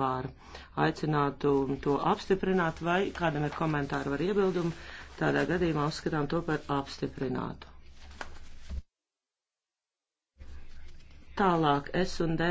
var aicinātu to apstiprināt, vai kādam ir komentāri vai iebildumi, tādā gadījumā uzskatām to par apstiprinātu. Tālāk S un D.